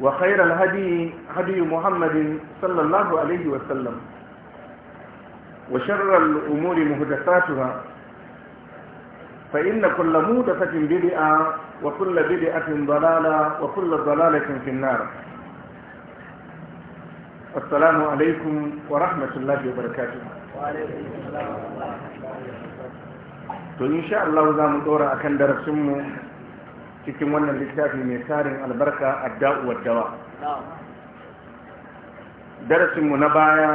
وخير الهدي هدي محمد صلى الله عليه وسلم وشر الأمور مهدفاتها فإن كل مهدفة بدعة وكل بدعة ضلالة وكل ضلالة في النار السلام عليكم ورحمة الله وبركاته وعليكم السلام ورحمة الله وبركاته إن شاء الله زام دورة أكن درسمه cikin wannan littafi mai tarin albarka a adda'u dawa. darasinmu na baya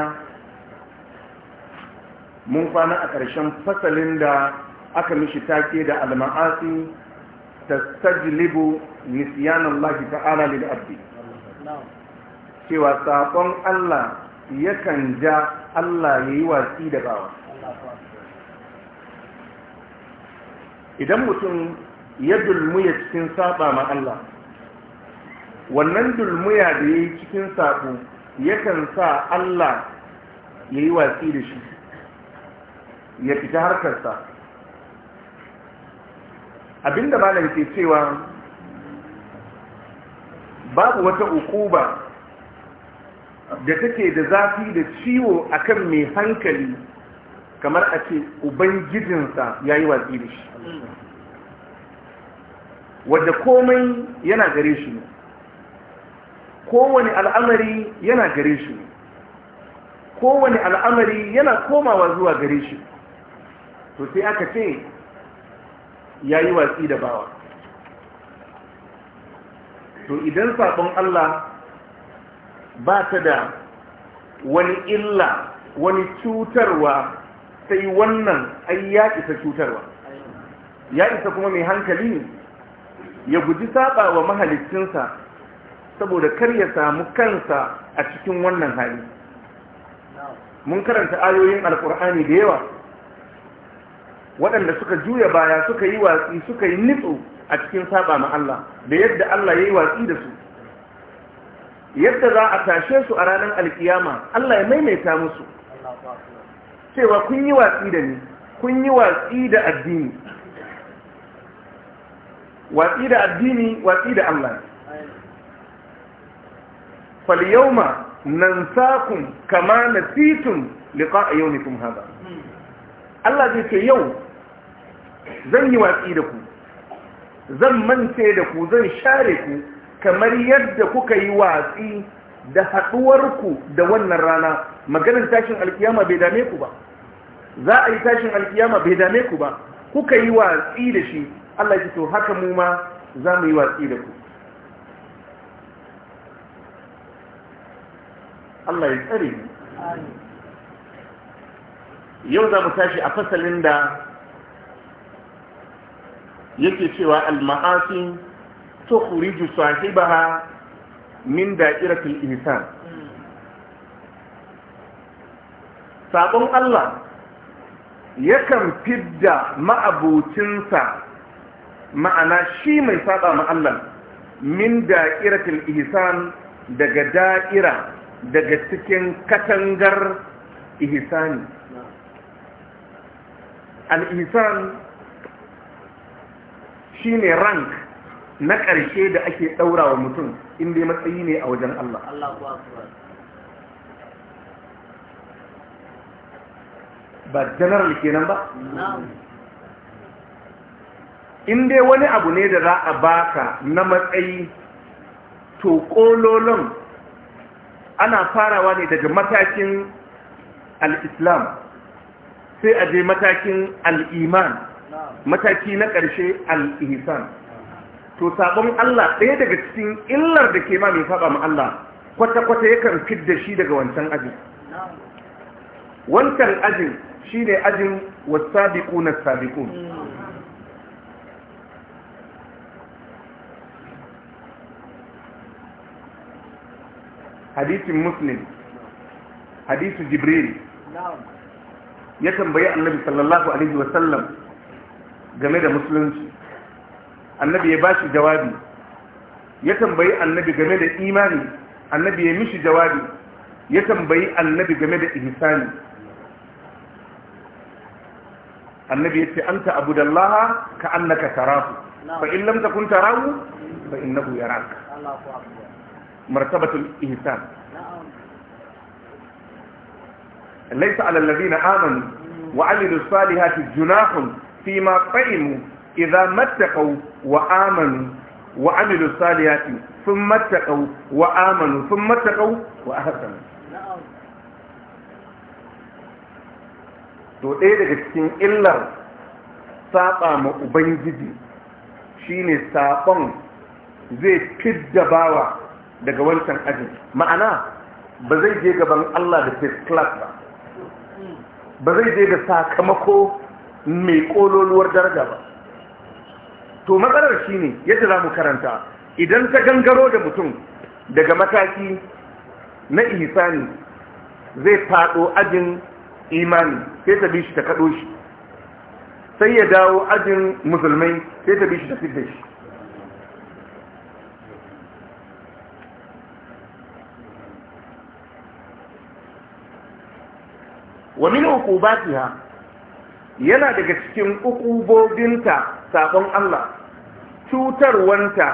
mun kwana a ƙarshen fasalin da aka mishi take da alma'asi ta sajilibu nisiyanan lafi ta'ala lil abdi cewa saƙon Allah yakan ja Allah ya yi watsi da bawa idan mutum ya dulmuya cikin saba ma Allah wannan dulmuya da ya yi cikin sabo yakan sa Allah ya yi watsi da shi ya fita harkarsa abinda malam ke cewa babu wata ukuba da take da zafi da ciwo akan mai hankali kamar a ce ubangijinsa ya yi watsi da shi wadda komai yana gare shi ne kowane al'amari yana gare shi ne kowane al'amari yana komawa zuwa gare shi to sai aka ce ya yi watsi da bawa to idan sabon Allah ba ta da wani illa wani cutarwa sai wannan ai ya isa cutarwa ya isa kuma mai hankali ne ya guji saba wa mahalicinsa saboda kar ya samu kansa a cikin wannan hali mun karanta ayoyin alkur'ani da yawa waɗanda suka juya baya suka yi watsi suka yi nitsu a cikin saba ma Allah da yadda Allah ya yi watsi da su yadda za a tashe su a ranar alkiyama Allah ya maimaita musu cewa kun yi watsi da ni kun yi watsi da addini watsi da addini watsi da Allah fal nan sakun kama nasitum liqa'a yawmikum haɗa. Allah zai ce yau zan yi watsi da ku zan mance da ku zan share ku kamar yadda kuka yi watsi da haɗuwarku da wannan rana maganin tashin alkiyama bai dame ku ba za a yi tashin alkiyama bai dame ku ba kuka yi watsi da shi Allah ya to haka mu ma za mu yi watsi da ku Allah ya tsare yau za mu tashi a fasalin da yake cewa al-ma'asi kuriju sahibaha min da'iratil insan sabon Allah yakan fidda ma'abucinsa ma'ana shi mai saba ma Allah min da'iratul ihsan daga da'ira daga cikin katangar ihsani al-ihsan shine rank na ƙarshe da ake ɗaurawa mutum inda matsayi ne a wajen Allah ba general kenan ba in dai wani abu ne da za a baka na matsayi to ƙololon ana farawa ne daga matakin al-islam sai a je matakin al-iman mataki na ƙarshe al to sabon Allah ɗaya daga cikin illar da ke ma mai saba ma Allah kwata-kwata yakan fit da shi daga wancan ajin wancan ajin shi ne ajin na sabiƙun hadisin muslim hadisu jibril ya tambayi annabi sallallahu alaihi wasallam game da musulunci annabi ya bashi jawabi ya tambayi annabi game da imani annabi ya mishi jawabi ya tambayi annabi game da ihsani annabi ya ce an anta abudallaha ka annaka tarahu fa in lam takun tarahu fa ya raka? martabatul ihsan laysa alal ladina amanu wa amilu salihati junahun fima qaimu idza mattaqu wa amanu wa amilu salihati thumma mattaqu wa to ɗaya daga cikin illar saɓa ma ubangiji shine saɓon zai fidda bawa daga wancan aji ma'ana ba zai je gaban Allah da first class ba ba zai je da sakamako mai kololuwar daraja ba to matsalar shi ne yadda za mu karanta idan ta gangaro da mutum daga mataki na isani zai fado ajin imani sai ta bi shi ta kaɗo shi sai ya dawo ajin musulmai sai ta bi shi ta fidda shi wa min uqubatiha yana daga cikin uqubobinta sabon Allah cutarwanta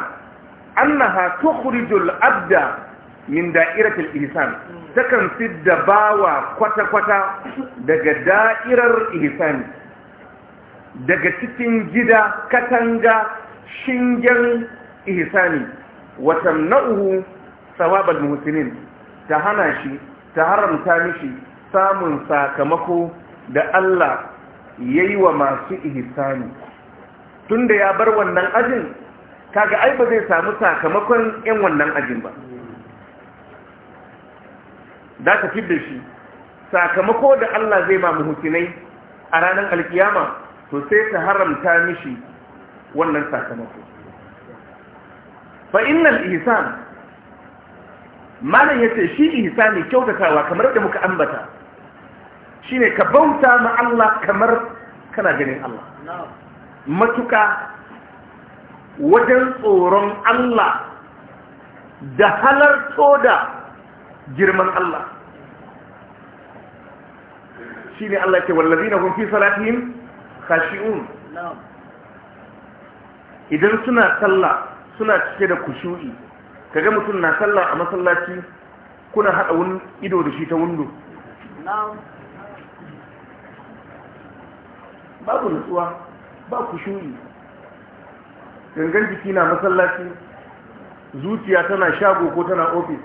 annaha tukhrijul abda min da'iratil ihsan takan fidda bawa kwata-kwata daga da'irar ihsan daga cikin gida katanga shingen ihsani watan na'uhu sawabal muhsinin ta hana shi ta haramta mishi samun sakamako da Allah ya yi wa masu ihisani tun da ya bar wannan ajin kaga ai ba zai samu sakamakon 'yan wannan ajin ba da ka fi da shi sakamako da Allah zai ba muhusinai a ranar alkiyama to sai ta haramta mishi wannan sakamako nan ihisani malam ya ce shi ihisani kyautatawa kamar da muka ambata shine ka bauta ma Allah kamar kana ganin Allah matuka wajen tsoron Allah da halarto da girman Allah shi ne Allah ke wallazi na kunfi salatihim kashiun. idan suna sallah suna cike da kushu'i kaga mutum na sallah a masallaci kuna haɗa ido da shi ta wundo babu nutsuwa ba ku shuri gangan jiki na masallaci, zuciya tana shago ko tana ofis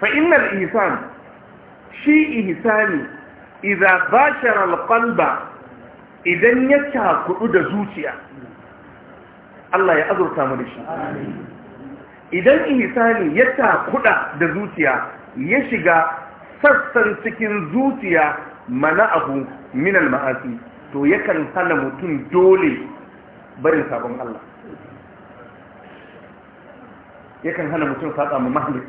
Fahimmar ihsan shi ihsani iza ba shanar kwalba idan ya kya da zuciya Allah ya azurta mu da shi. Amin. idan ihsani ya kuda da zuciya ya shiga sassan cikin zuciya mana abu minal ma'asi to yakan hana mutum dole barin sabon Allah yakan hana mutum fada mu mahallin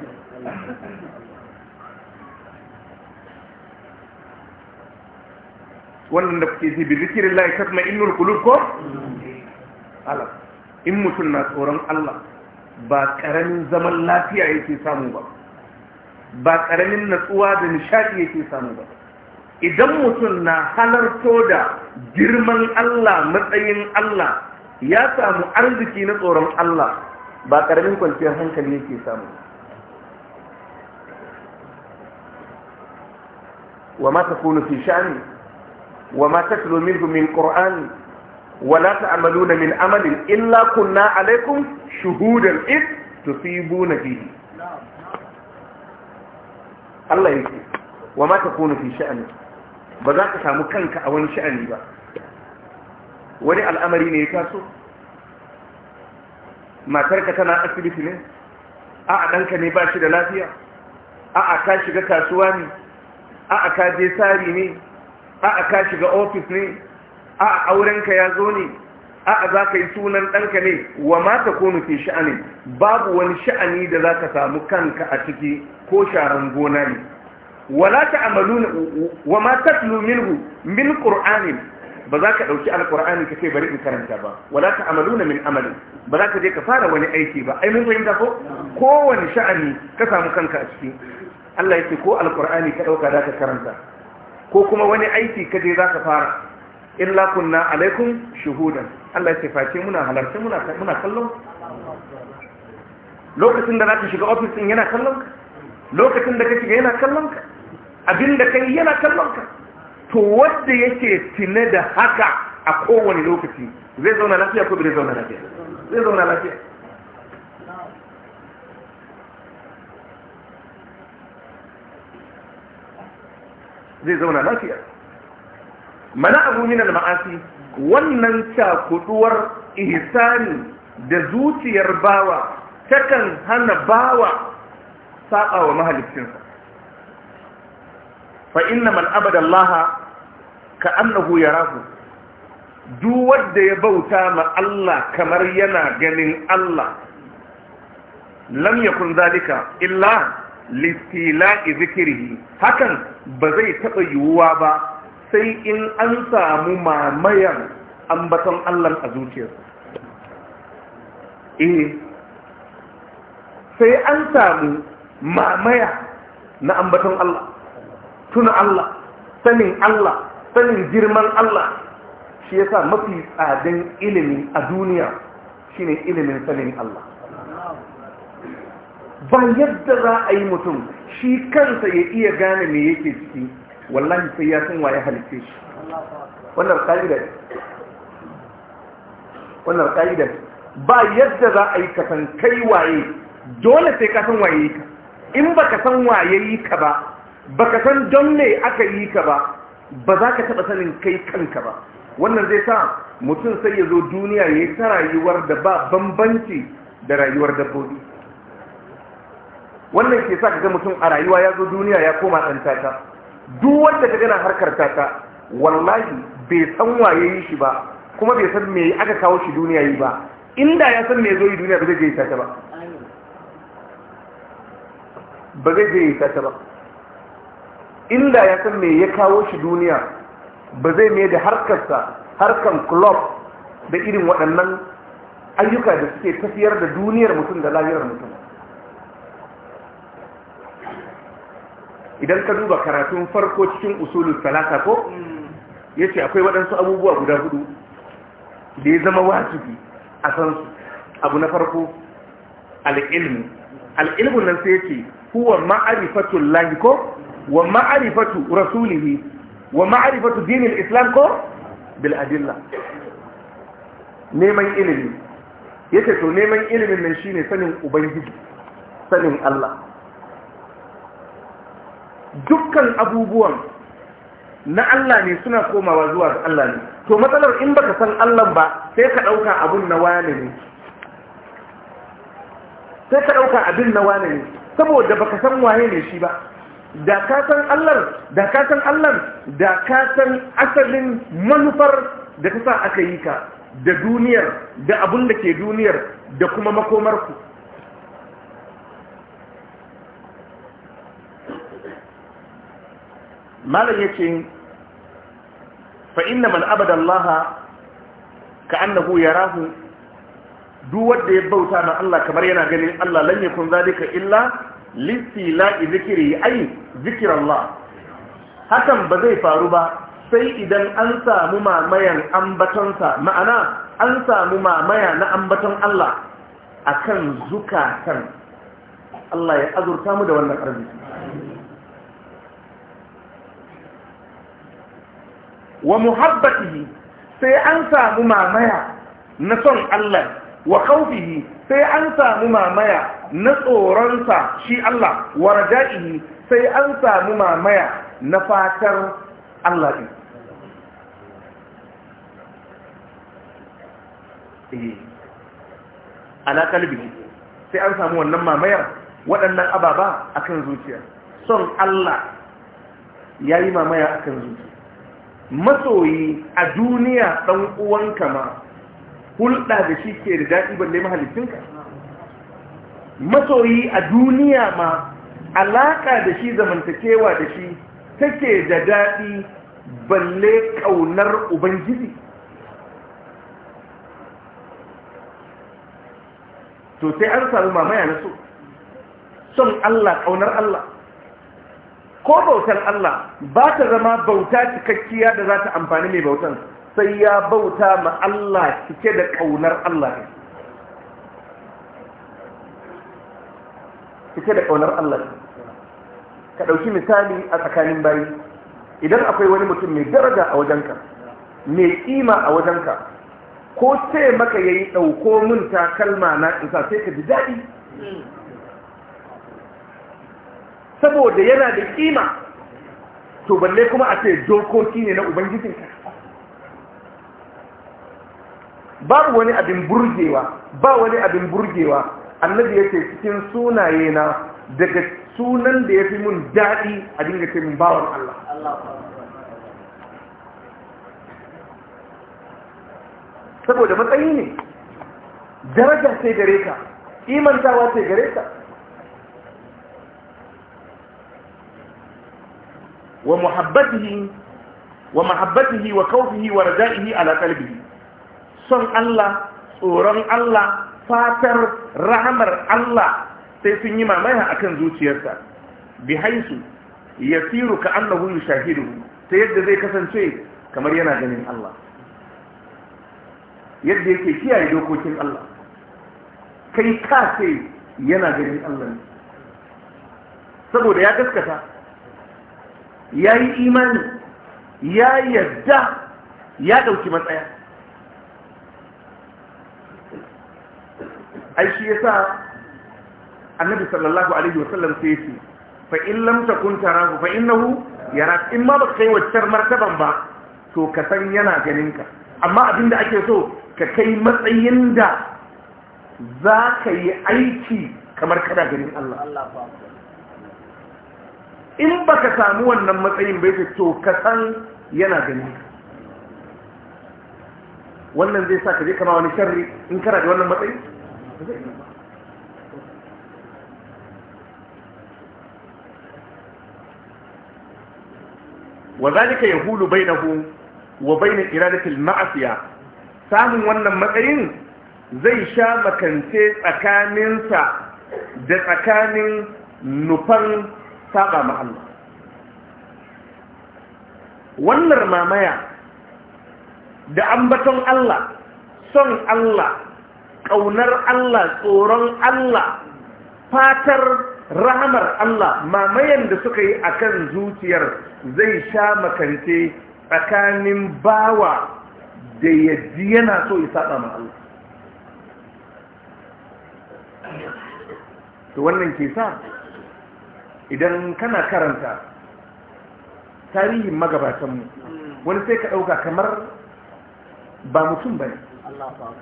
wannan da kuke ji bi zikirin lai kasma innul kulub ko in mutum na tsoron Allah ba ƙaramin zaman lafiya yake samu ba ba ƙaramin natsuwa da nishaɗi yake samu ba idan mutum na halarto da girman Allah matsayin Allah ya samu arziki na tsoron Allah ba ƙaramin kwanciyar hankali yake samu wa ma takunu fi sha'ani wa ma min qur'ani wala ta'maluna min amalin illa kunna alaikum shuhudan id tusibuna fihi Allah yake wa ma takunu fi sha'ani ba za ka samu kanka a wani sha'ani ba wani al'amari ne ya taso matarka tana asibiti ne a ɗanka ne ba shi da lafiya a'a ka shiga kasuwa ne a'a ka je sari ne a'a ka shiga ofis ne a aurenka ya zo ne a za ka yi sunan ɗanka ne wa ma ta konu fi babu wani sha'ani da za ka samu kanka a ciki ko sharan gona ne wala ta amalu wa ma tatlu min qur'anin ba za ka ɗauki alƙur'ani ka ce bari in karanta ba wala ta amalu na min amalin ba za ka je ka fara wani aiki ba ai mun fahimta ko kowane sha'ani ka samu kanka a ciki Allah ya ce ko alƙur'ani ka ɗauka za ka karanta ko kuma wani aiki ka je za ka fara illa kunna alaikum shuhudan Allah ya face muna halarce muna muna kallon lokacin da zaka shiga office din yana kallon ka lokacin da kake yana kallon ka abinda kai yana kallon ka to wanda yake tine da haka a kowane lokaci zai zauna lafiya ko bai zauna lafiya zai zauna lafiya zai zauna lafiya mana abu min al-ma'asi wannan cakuduwar ihsani da zuciyar bawa takan hana bawa saba wa mahaliccinsa fa inna man abada Allah ka annahu yarahu duk wanda ya bauta ma Allah kamar yana ganin Allah lam yakun zalika illa listila'i zikrihi hakan ba zai taba yiwuwa ba sai in an samu mamayan ambaton Allah a zuciyarsa eh sai an samu mamaya na ambaton Allah tuna Allah sanin Allah sanin girman Allah shi yasa mafi tsadan ilimi a duniya shine ilimin sanin Allah ba yadda za a yi mutum shi kansa ya iya gane me yake ciki wallahi sai ya san waye halitta shi wannan ka'ida ba yadda za a yi kasan kai waye dole sai ka san waye ka in baka san waye yi ka ba baka san don me aka yi ka ba ba za ka taba sanin kai kanka ba wannan zai sa mutum sai ya zo duniya ya yi ta rayuwar da ba bambanci da rayuwar dabbobi wannan ke sa kaga mutum a rayuwa ya zo duniya ya koma ɗan tata duk wanda ka gana harkar tata wallahi bai san waye yi shi ba kuma bai san me aka kawo shi duniya yi ba inda ya san me zo yi duniya ba zai je yi tata ba ba zai je yi tata ba inda ya san me ya kawo shi duniya ba zai mai da harkarsa harkan club da irin waɗannan ayyuka da suke tafiyar da duniyar mutum da lahirar mutum idan ka duba karatun farko cikin usulun salata ko Ya ce akwai waɗansu abubuwa guda hudu da ya zama wajibi a san abu na farko al'ilmi. ilmu al-ilmu nan sai yace huwa ma'arifatu Lahi ko wa ma'arifatu rasulihi wa ma'arifatu dinil islam ko bil adilla neman ilimi ce to neman ilimin nan shine sanin ubangiji sanin Allah dukkan abubuwan na Allah ne suna komawa zuwa ga Allah ne to matsalar in baka san Allah ba sai ka ɗauka abin na wane ne sai ka ɗauka abin na wane ne saboda baka san waye ne shi ba da ka san Allah da ka san Allah da ka san asalin manufar da ta sa aka yi ka da duniyar da abun da ke duniyar da kuma makomarku malam yace fa inna man abada Allah ka annahu yarahu duk wanda ya bauta ma Allah kamar yana ganin Allah lan yakun zalika illa listila zikri zikr Allah. hakan ba zai faru ba sai idan an samu mamayan sa ma'ana an samu mamaya na ambaton Allah akan zukatan Allah ya azurta mu da wannan arziki wa muhabbatihi sai an samu mamaya na son Allah wa khawfihi sai an samu mamaya na tsoronsa shi Allah wa raja'ihi sai an samu mamaya na fatar Allah din eh, ala kalbi sai an samu wannan mamayar waɗannan ababa akan zuciya son Allah ya yi mamaya akan zuciya masoyi a duniya ɗan uwanka ma hulɗa da shi ke da daɗi balle mahalicinka masoyi a duniya ma alaƙa da shi zamantakewa da shi take da daɗi balle ƙaunar ubangiji to sai an samu mamaya na so son Allah ƙaunar Allah ko bautar Allah ba ta zama bauta cikakkiya da za ta amfani mai bautan sai ya bauta ma Allah cike da ƙaunar Allah ne cike da ƙaunar Allah ne ka ɗauki misali a tsakanin bayi idan akwai wani mutum mai daraja a wajenka mai ƙima a wajenka ko sai maka ya yi ɗauko mun takalma na isa sai ka ji daɗi saboda yana da kima to balle kuma a ce dokoki ne na ubangijinka babu wani abin burgewa ba wani abin burgewa annabi ya ce cikin sunaye na daga sunan da ya fi mun daɗi a dinga ce min bawan Allah saboda matsayi ne daraja sai gare ka imantawa sai gare ka wa ومحبته وخوفه ورجائه على قلبه son Allah tsoron Allah fatar rahamar Allah sai sun yi mamaya akan zuciyarsa bi haisu yasiru ka annahu yushahidu ta yadda zai kasance kamar yana ganin Allah yadda yake kiyaye dokokin Allah kai ka ce yana ganin Allah ne saboda ya gaskata ya yi imani ya yarda ya ɗauki matsaya ai shi ya sa annabi sallallahu alaihi wasallam sai ce fa in lam takun tarahu fa innahu yara in ma baka kai waccar martaban ba to ka san yana ganinka amma abinda ake so ka kai matsayin da za ka yi aiki kamar kada ganin Allah in ba ka samu wannan matsayin bai to ka san yana gani wannan zai sa ka je kama wani sharri in kana da wannan matsayi wa zalika yahulu bainahu wa bain iradati al-ma'siya samun wannan matsayin zai sha makance tsakaninsa da tsakanin nufan saba ma Allah wannan mamaya da ambaton Allah son Allah ƙaunar Allah tsoron Allah fatar rahamar Allah mamayan da suka yi akan zuciyar zai sha makarce tsakanin bawa da yaji yana so ya saba ma Allah to wannan ke sa idan kana karanta tarihin magabatanmu wani sai ka ɗauka kamar ba mutum ba ne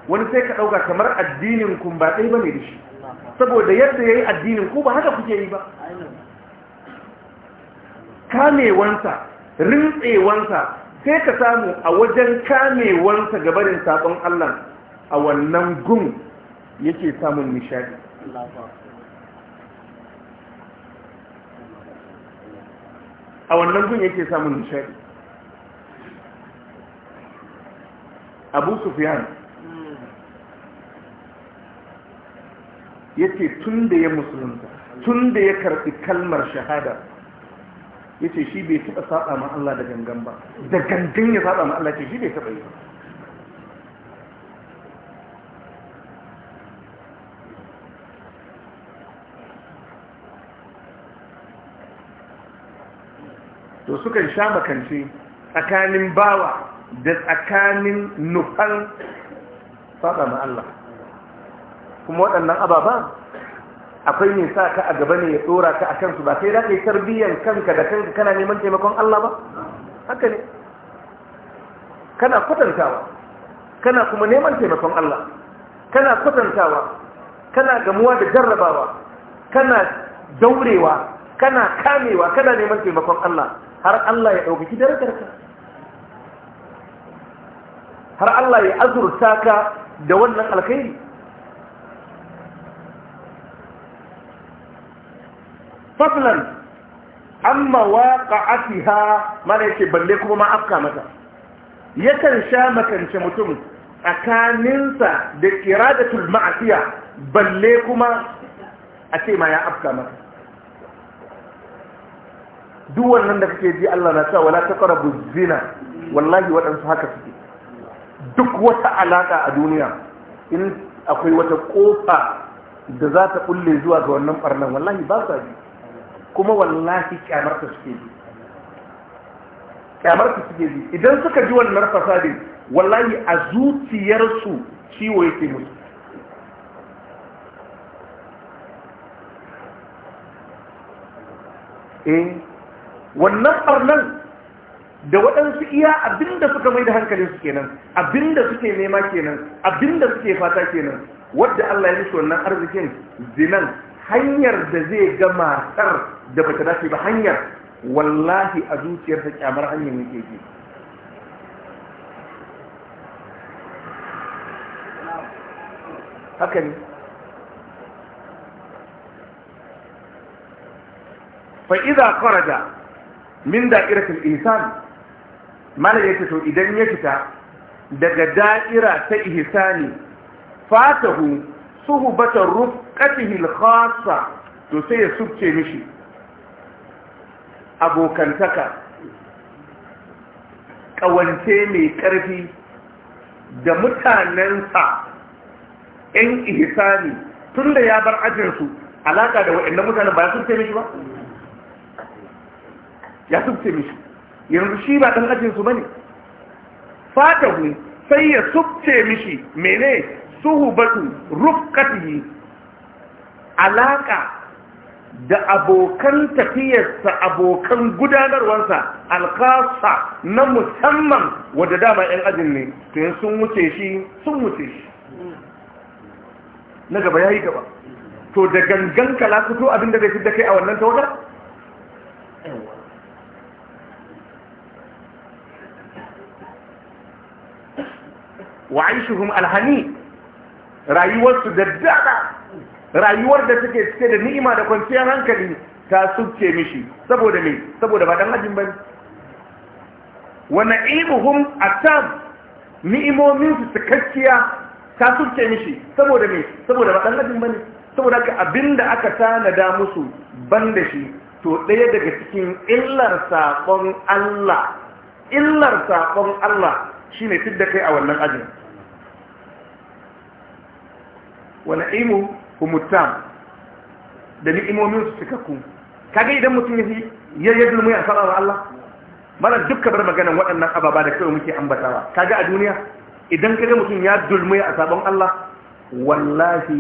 wani sai ka ɗauka kamar addinin kun ba ɗai ba da shi saboda yadda ya yi addinin ku ba haka kuke yi ba kamewansa rintsewansa sai ka samu a wajen kamewansa gabarin sabon allah a wannan gun yake samun nishadi a wannan gun yake samun nishadi abu sufyan yake tun da ya musulunta tun da ya karɓi kalmar shahada yake shi bai taɓa saba ma Allah da gangan ba da gangan ya saba ma Allah ce shi bai taɓa yi ba to sukan sha makance tsakanin bawa da tsakanin nufan fada ma Allah kuma waɗannan ababa akwai ne sa ka a gaba ne ya tsora ka a kansu ba sai da yi tarbiyyar kanka da kanka kana neman taimakon Allah ba haka ne kana kwatantawa kana kuma neman taimakon Allah kana kwatantawa kana gamuwa da jarrabawa kana daurewa kana kamewa kana neman taimakon Allah har Allah ya ɗaukaki darajarka har Allah ya azurta ka da wannan alkhairi faflan amma waƙa'atiha mana yake balle kuma ma afka mata yakan sha makance mutum tsakaninsa da iradatul ma'asiya balle kuma a ce ma ya afka mata duk wannan da kake ji Allah na cewa wala taqrabu zina wallahi waɗansu haka suke duk wata alaka a duniya in akwai wata kofa da za ta kulle zuwa ga wannan barnan wallahi ba sa ji kuma wallahi kyamarta suke ji kyamarta suke ji idan suka ji wannan fasadin wallahi a zuciyarsu ciwo yake musu eh wannan barnan da waɗansu iya abinda suka mai da su kenan abinda suke nema kenan abinda suke fata kenan wadda Allah ya mishi wannan arzikin zinan hanyar da zai ga matar da bata dace ba hanyar wallahi a zuciyarsa kyamar hanyar yake ji haka ne fa min da'iratul ihsan mana yake to idan ya fita daga da'ira ta ihsani fatahu suhbata rufqatihi al-khassa to sai ya subce mishi abokantaka kawance mai karfi da mutanensa in ihsani tunda ya bar ajinsu alaƙa da waɗannan mutanen ba ce shi ba ya subce mishi yanzu shi ba ɗan ajinsu ba ne fatahu ne sai ya subce mishi mene suhubatu rufqatihi Alaƙa da abokan tafiyarsa abokan gudanarwarsa alkasa na musamman wadda dama 'yan ajin ne to sun wuce shi sun wuce shi na gaba ya yi gaba to da gangan kala fito abinda zai fi da kai a wannan tawadar wa alhani alhani rayuwarsu da dada, rayuwar da take cike da ni'ima da kwanciyar hankali ta suke mishi saboda me saboda ba dan ajin bane wa na'imuhum atam ni'imomin su cikakkiya ta suke mishi saboda me saboda ba dan ajin bane saboda ka abinda aka tanada musu ban da shi to ɗaya daga cikin illar saƙon Allah illar saƙon Allah shine fidda kai a wannan ajin wana'imu humutam da ni'imomin su cikakku kaga idan mutum ya yayyar zulmi a sanar Allah mana dukkan bar maganan waɗannan ababa da kawai muke ambatawa kaga a duniya idan kaga mutum ya zulmi a sabon Allah wallahi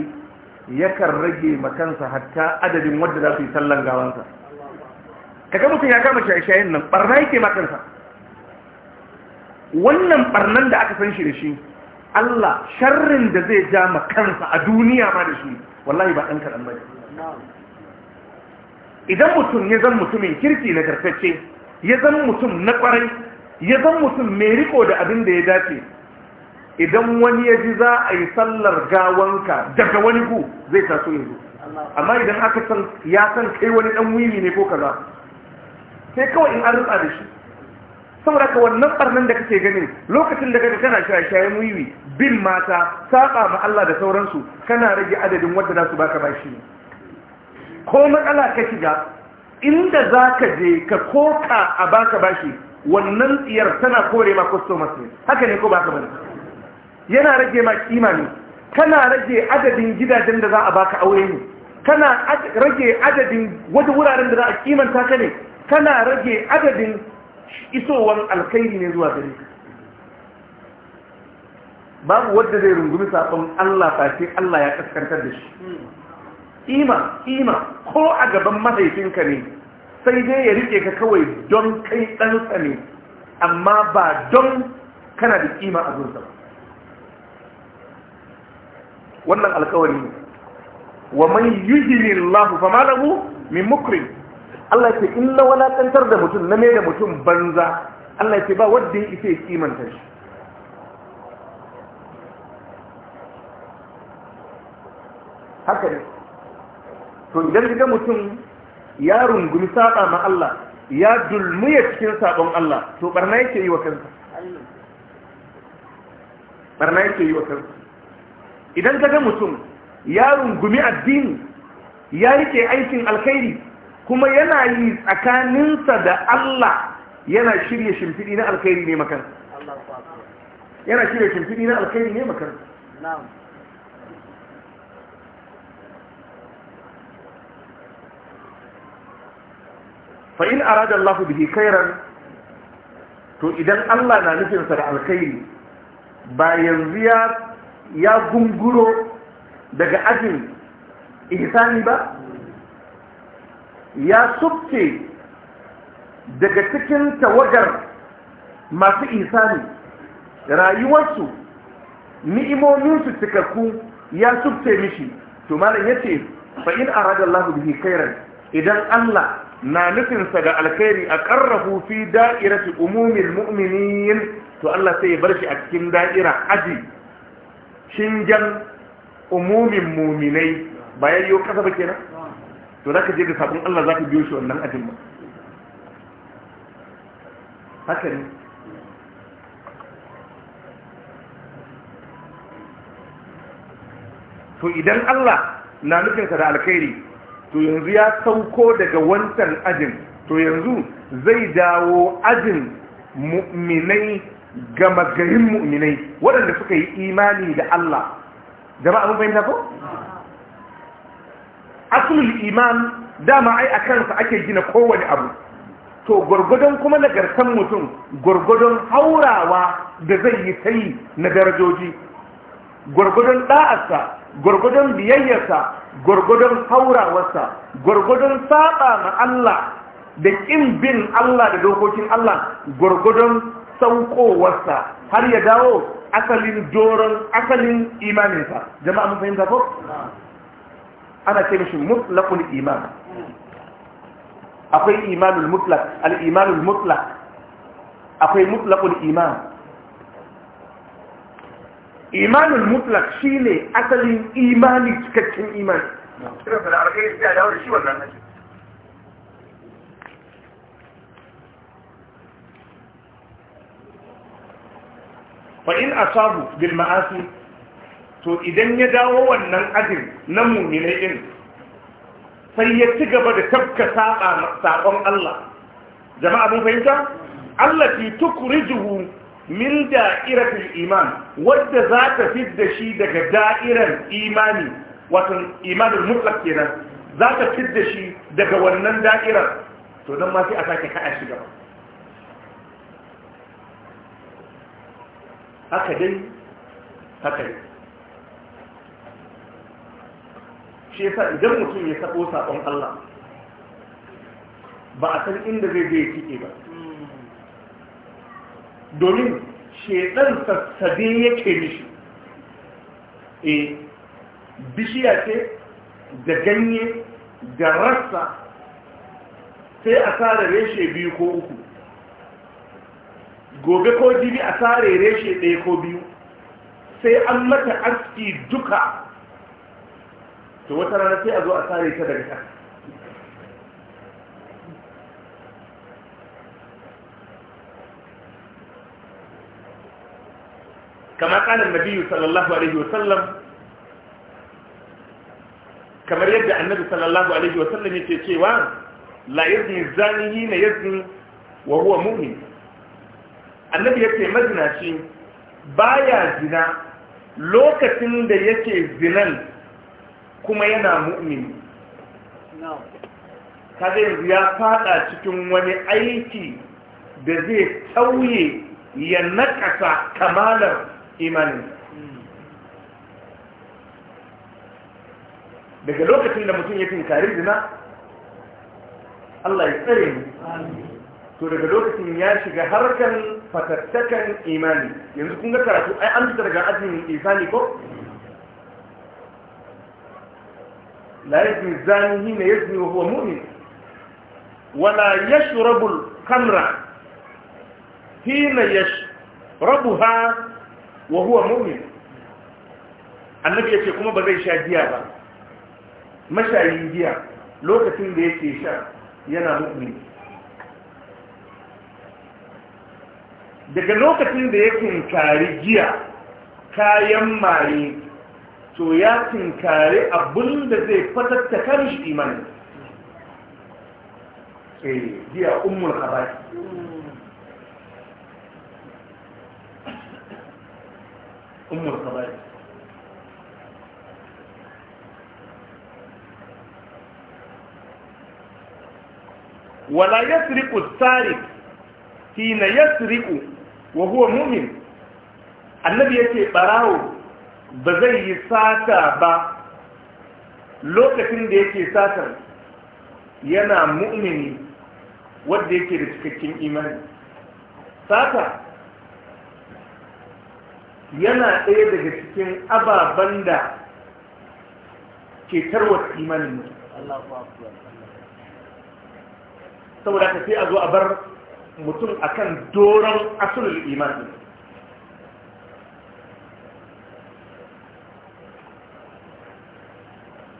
yakan rage makansa hatta adadin wanda za su yi sallan gawansa kaga mutum ya kama shaye-shayen nan barna yake makansa wannan barnan da aka san shi da shi Allah sharrin da zai ja ma kansa a duniya ma da shi wallahi ba ɗan kaɗan idan mutum ya zan mutumin kirki na karfacce ya zan mutum na ƙwarai ya zan mutum mai riko da abin da ya dace idan wani ya ji za a yi sallar gawanka daga wani ku zai taso yanzu amma idan aka san ya san kai wani ɗan wili ne ko kaza sai kawai in an rutsa da shi saboda ka wannan barnan da kake ganin lokacin da kaga kana shaye-shayen wiwi bin mata saba ma Allah da sauransu kana rage adadin wanda za su baka bashi ko matsala ka shiga inda za ka je ka koka a baka bashi wannan tsiyar tana kore ma customers ne haka ne ko baka bane yana rage ma kima ne kana rage adadin gidajen da za a baka aure ne kana rage adadin wajen wuraren da za a kimanta ka ne kana rage adadin isowar alkhairi ne zuwa gare babu wadda zai rungumi sakon Allah ce Allah ya kaskantar da shi ima ima ko a gaban mahaifinka ne sai dai ya rike ka kawai don kai ɗansa ne amma ba don kana da kima a zuwa wannan alkawari ne wa man yi Allah fa malamu? min mukrin Allah ce in na walakantar da mutum na mai da mutum banza Allah ce ba wadda ya isa ya kimanta shi haka ne to idan ga mutum ya rungumi saba ma Allah ya dulmiya cikin sabon Allah to barna yake yi wa kansa barna yake yi wa kansa idan ga mutum ya rungumi addini ya rike aikin alkhairi kuma yana yi tsakaninsa da Allah yana shirya shimfiɗi na alkhairi ne makar yana shirya shimfiɗi na alkhairi ne makar fa'in arada Allah bihi kairan to idan Allah na nufinsa da alkhairi ba yanzu ya gunguro daga ajin ihsani ba ya sufce daga cikin tawagar masu isani rayuwarsu ni'imominsu cikakku ya subce mishi to malam yace fa in arada Allah bihi khairan idan Allah na nufinsa ga alkhairi a karrahu fi da'irati umumil mu'minin to Allah sai ya bar shi a cikin da'ira aji shingen umumin muminai bayan yau kasa ba kenan to za ka je ga sabon Allah za ka biyo shi wannan ajin ba haka ne to idan Allah na nufinsa da alkhairi to yanzu ya sauko daga wancan ajin to yanzu zai dawo ajin mu'minai gama garin mu'minai waɗanda suka yi imani da Allah jama'a mun fahimta ko aslul iman dama ai a kansa ake gina kowane abu to gwargwadon kuma nagartan mutum gwargwadon haurawa da zai yi yi na darajoji gwargwadon ɗa'arsa gwargwadon biyayyarsa gwargwadon haurawarsa gwargwadon saba ma Allah da ƙin bin Allah da dokokin Allah gwargwadon saukowarsa har ya dawo asalin doron asalin imaninsa jama'a mun fahimta ko ana ce mishi mutlaqul iman akwai imanul mutlaq al imanul mutlaq akwai mutlaqul iman imanul mutlaq shine asalin imani cikakken imani fa in asabu bil ma'asi to idan ya dawo wannan ajin na muminai din sai ya ci gaba da tabka saƙon Allah jama'a mun fahimta Allah fi tukrijuhu min da'iratul iman wadda za ta da shi daga da'irar imani wato imanin mutlaq kenan za ta da shi daga wannan da'irar to dan ma sai a sake ka'a shi gaba haka dai haka dai shi yasa idan mutum ya sako sakon Allah ba a san inda zai zai cike ba domin shedan sassabe yake mishi e bishiya ce da ganye da rassa sai a tsara reshe biyu ko uku gobe ko jibi a tsara reshe ɗaya ko biyu sai an mata aski duka to wata rana sai a zo a sare ta daga ƙasa kama kalan nabiyu sallallahu alaihi wa sallam, kamar yadda annabi sallallahu alaihi wa wasallam yake cewa la yazni zani hina yazni wa huwa mu'min annabi yace mazinaci baya zina lokacin da yake zinan kuma yana mu'mini kaga yanzu ya fada cikin wani aiki da zai tsauye ya nakasa kamalar imanin daga lokacin da mutum ya tinkari zina Allah ya tsare mu to daga lokacin ya shiga harkar fatattakan imani yanzu kun ga karatu ai an fitar daga azumin isani ko لا يزني الزاني حين يزني وهو مؤمن ولا يشرب الخمر حين يشربها وهو مؤمن annabi ya ce kuma ba zai sha giya ba mashayin giya lokacin yake sha yana mu'mini daga lokacin da ya kinkari giya kayan maye to ya tinkare abin da zai fatatta kan shi imanin eh jiya ummul khabari ummul khabari wala yasriqu as-sariq hina yasriqu wa huwa mu'min annabi ce barawo ba zai yi sata ba lokacin da yake satar yana mu'mini wadda yake da cikakken imani sata yana ɗaya daga cikin ababen da ke tarwata imanin mutum saboda ka sai a zo a bar mutum akan doron asulul imanin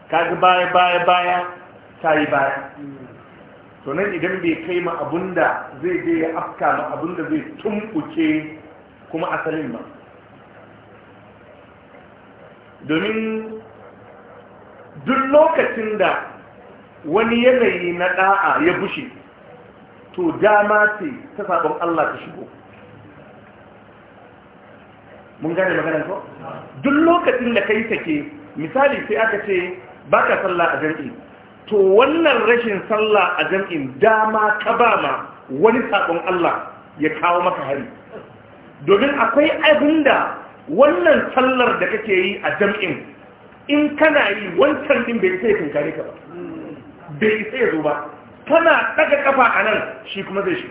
kaji baya baya baya ta yi baya to nan idan bai kai ma abunda zai je ya afka ma abunda zai tumbuke kuma asalin ba domin duk lokacin da wani yanayi na da'a ya bushe to dama ce ta sabon Allah ta shigo mun gane maganar ko duk lokacin da kai take misali sai aka ce ba ka sallah a jam'i to wannan rashin sallah a jam'in dama ka ba ma wani saƙon Allah ya kawo maka hari domin akwai abin da wannan sallar da kake yi a jam'in in kana yi wancan din bai sai tunkare ka ba bai sai zo ba kana daga kafa a nan shi kuma zai shi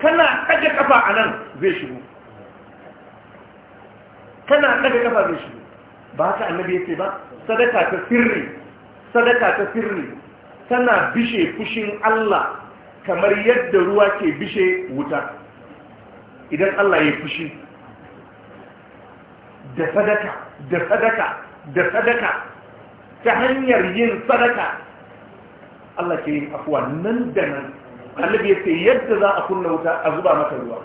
kana ɗaga kafa a nan zai shigo kana daga kafa zai shi ba haka annabi ya ce ba sadaka ta sirri sadaka ta sirri tana bishe fushin Allah kamar yadda ruwa ke bishe wuta idan Allah ya fushi da sadaka da sadaka da sadaka ta hanyar yin sadaka Allah ke yin afuwa nan da nan annabi ya ce yadda za a kunna wuta a zuba mata ruwa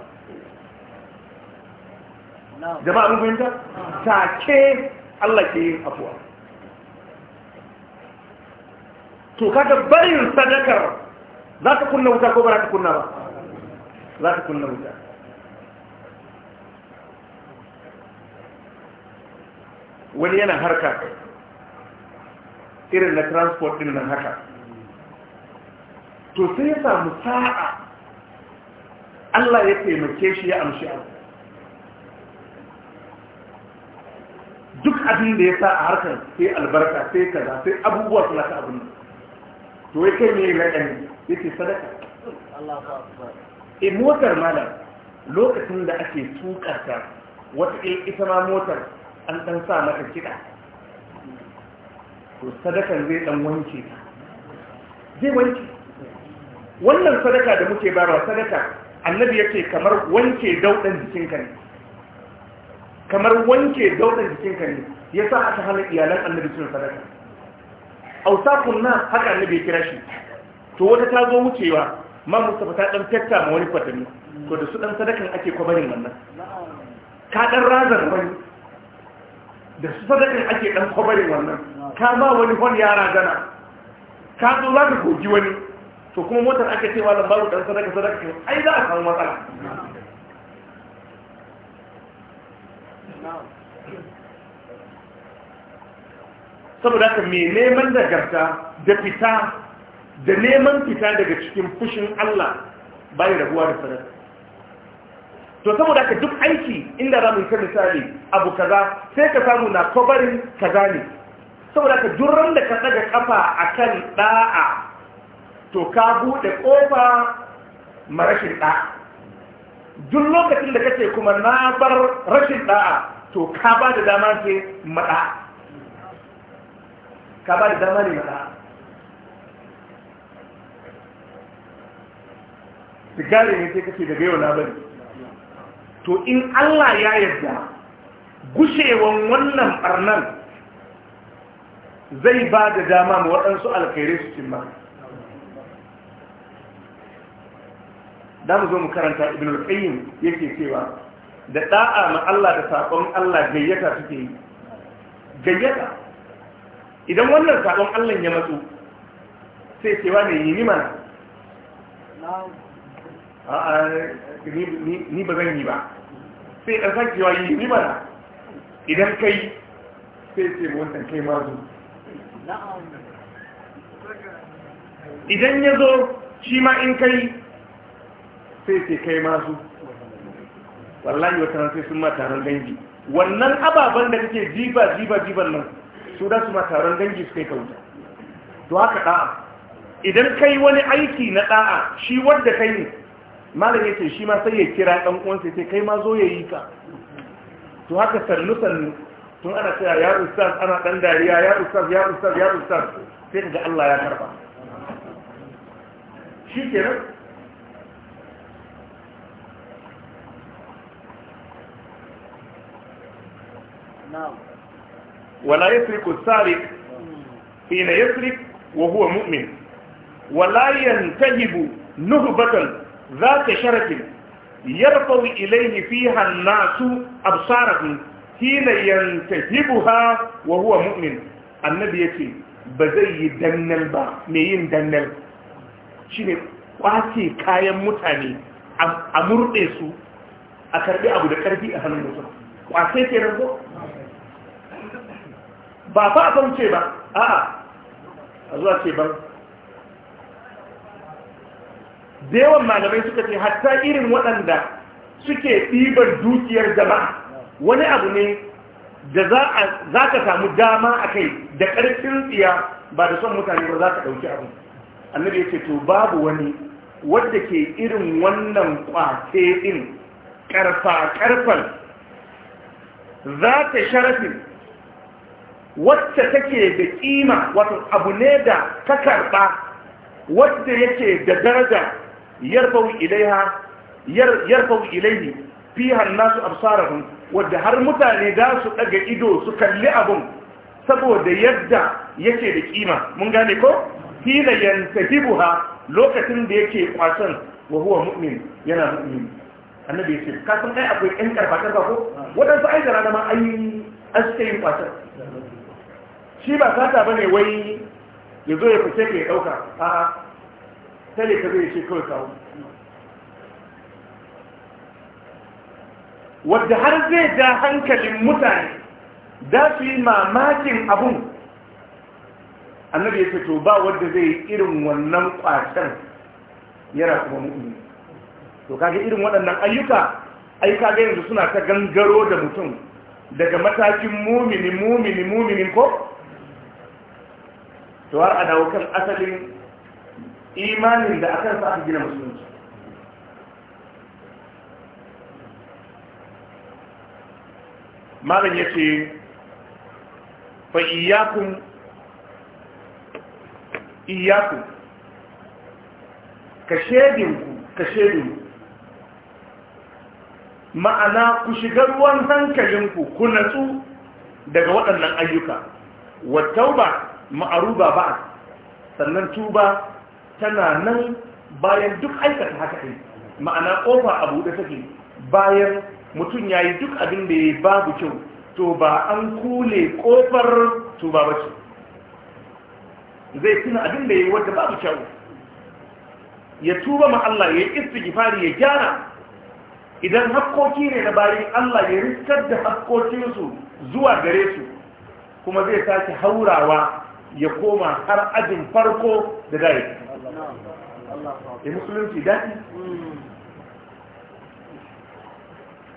jama'a mun fahimta take Allah ke yin afuwa to kaga barin sadakar za ka kunna wuta ko ba za ta kunna ba za ka kunna wuta wani yana harka irin na transport din nan haka to sai ya samu sa'a Allah ya taimake shi ya amshi abu duk abin da ya sa a harkar sai albarka sai kaza sai abubuwa suna ta abin to ya kai ne na ɗan yake sadaka e motar malam lokacin da ake tuka ta wata ita ma motar an ɗan sa maka kiɗa to sadakan zai ɗan wanke ta zai wanke wannan sadaka da muke ba sadaka annabi yake kamar wanke dauɗan jikinka ne kamar wanke daudan jikinka ne ya sa aka hana iyalan annabi suna sadaka ausakun nan haka annabi ya kira shi to wata ta zo wucewa man Mustapha ta dan tatta ma wani kwatanni to da su dan sadakan ake kwabarin wannan ka dan razan wani da su sadakan ake dan kwabarin wannan ka ba wani hon yara gana ka zo za ka wani to kuma motar ake ce malam dan sadaka sadaka ai za a samu matsala saboda ka mai neman nagarta da fita da neman fita daga cikin fushin Allah bayan rabuwa da sarar to saboda ka duk aiki inda za mu misali abu kaza sai ka samu na kwabarin kaza ne saboda ka durar da ka tsaga kafa akan ɗa'a, to ka bude kofa marashin da'a duk lokacin da kace kuma na bar rashin ɗa'a. to ka ba da dama ce mada ka ba da dama ne ne sai kake daga yau na to in Allah ya yarda gushewan wannan barnan zai ba da dama ma waɗansu alkhairai su cimma da mu zo mu karanta ibn al-qayyim yake cewa da da'a ma Allah da sakon Allah gayyata suke yi gayyata idan wannan sakon Allah ya matsu sai cewa ne yi mana a'a ni ba zan yi ba sai ɗan cewa yi ni mana idan kai sai ce wancan kai mazu idan ya zo shi ma in kai sai ce kai mazu wallahi wata ran sai sun ma taron dangi wannan ababen da kake jiba jiba jiban nan su da su ma taron dangi su kai kauta to haka da idan kai wani aiki na da'a shi wanda kai ne malamin yace shi ma sai ya kira dan uwan sai kai ma zo yayi ka to haka sannu sannu tun ana cewa ya ustaz ana dan dariya ya ustaz ya ustaz ya ustaz sai kaga Allah ya karba shi kenan wala yasriku sariq hina yasriq wa huwa mu'min wala yantajibu nuhbatan dhaka sharatin yarfaw ilayhi fiha an-nasu absarahum hina yantajibuha wa huwa mu'min annabi yace zai yi dannal ba me yin dannal shine kwace kayan mutane a murɗe su a karbi abu da karfi a hannun mutum kwace ke rago ba fa a ce ba a'a a zuwa ce ban da yawan malamai suka ce hatta irin waɗanda suke ɗibar dukiyar jama'a wani abu ne da za ka samu dama a kai da ƙarfin tsiya ba da son mutane ba za ka ɗauki abu annabi ya ce to babu wani wadda ke irin wannan kwace ɗin ƙarfa-ƙarfan za ta sharafin wacce take da kima wato abu ne da ta karba, wadda yake da daraja yarfau ilaiha yarfau ilaihi fiha nasu absarahum wadda har mutane da su daga ido su kalli abun saboda yadda yake da kima mun gane ko hila yantahibuha lokacin da yake kwasan wa huwa mu'min yana mu'min annabi ya ce ka san kai akwai ɗan karfa karfa ko wadansu ai da rana ma ai askayin suke kwasan shi ba sata ba ne wai ya zo ya fice ka ya ɗauka a tale ka zai ce kawai kawo wadda har zai ja hankalin mutane da su yi mamakin abun annabi ya fito ba wadda zai irin wannan kwacen yana kuma mu'mini to kage irin waɗannan ayyuka ayyuka ga yanzu suna ta gangaro da mutum daga matakin mumini mumini mumini ko to har a dawo kan asalin imanin da akan sa gina musulunci malam ya ce fa iyakun iyakun ka shedinku ma'ana ku shiga ruwan hankalinku ku natsu daga waɗannan ayyuka wa tauba ma'aruba ba sannan tuba tana nan bayan duk aikata haka ɗin ma'ana ƙofa a buɗe take bayan mutum ya yi duk abin da ya babu kyau to ba an kule ƙofar tuba ba ce zai tuna abin da ya yi wadda babu kyau ya tuba ma Allah ya yi istighfari ya gyara idan hakkoki ne na bayan Allah ya riskar da hakkokinsu zuwa gare su kuma zai sake haurawa ya koma har ajin farko da dai ya eh, musulunci daɗi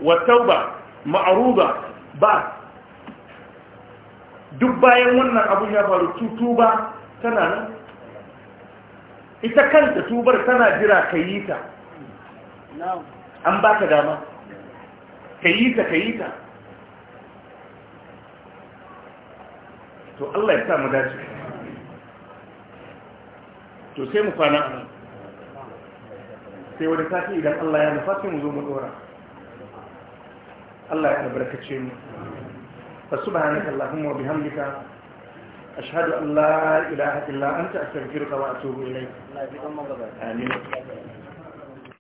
watauba ma'aruba ba duk bayan wannan abin ya faru tutuba tana nan ita kanta tubar tana jira ka yi ta an ba ka dama ka yi ta ka yi ta to Allah ya sa mu dace to sai mu kwana a nan sai wani sati idan Allah ya nufa sai mu zo mu dora Allah ya albarkace mu fa subhanaka allahumma wa bihamdika ashhadu an la ilaha illa anta astaghfiruka wa atubu ilayk amin